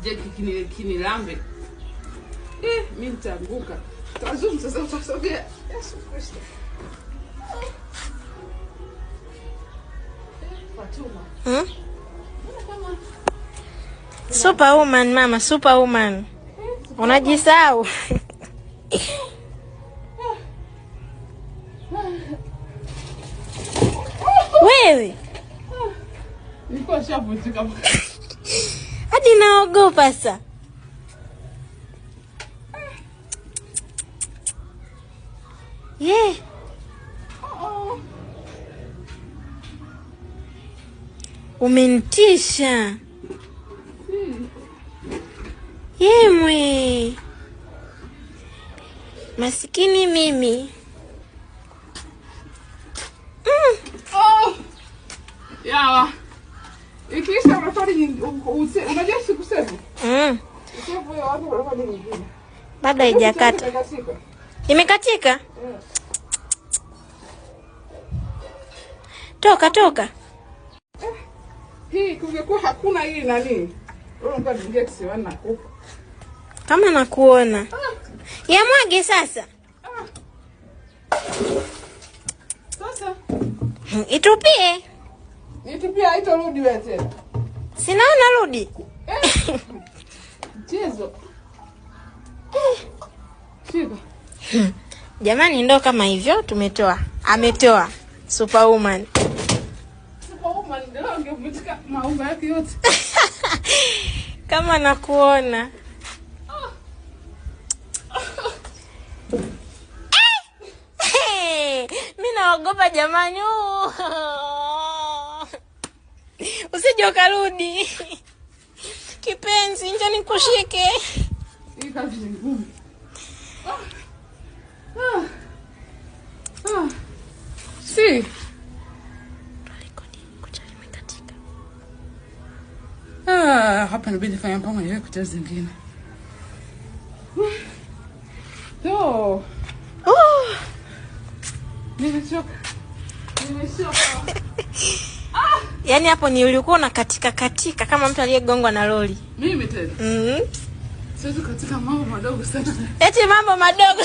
kije kini kinilambe eh, mimi nitaanguka. Tazum sasa, utasogea. Yesu Kristo. Fatuma. Hmm? Superwoman mama, superwoman. Eh, Unajisahau. Wewe. Ah, Nikuwa shabu tukamu. hadi naogopa sa ye yeah. umenitisha hmm. yemwe masikini mimi mm. oh. yawa ikiisha unajua Labda haijakata. Imekatika? Toka toka. Hii kungekuwa hakuna hii nani? Kama nakuona. Ah. Yamwage sasa. Ah. Sasa. Itupie. Nitupia haitorudi wewe tena. Sinaona rudi. Eh. Mchezo. Jamani, ndo kama hivyo, tumetoa ametoa superwoman kama nakuona mi naogopa jamani, usije ukarudi kipenzi, njoni kushike yani ah, hapa nabidi fanya mpango zingine. Ah. Yaani hapo ni ulikuwa katika katika kama mtu aliyegongwa na lori. Mimi tena. Mhm. Mm Siwezi katika mambo madogo sana. Eti mambo madogo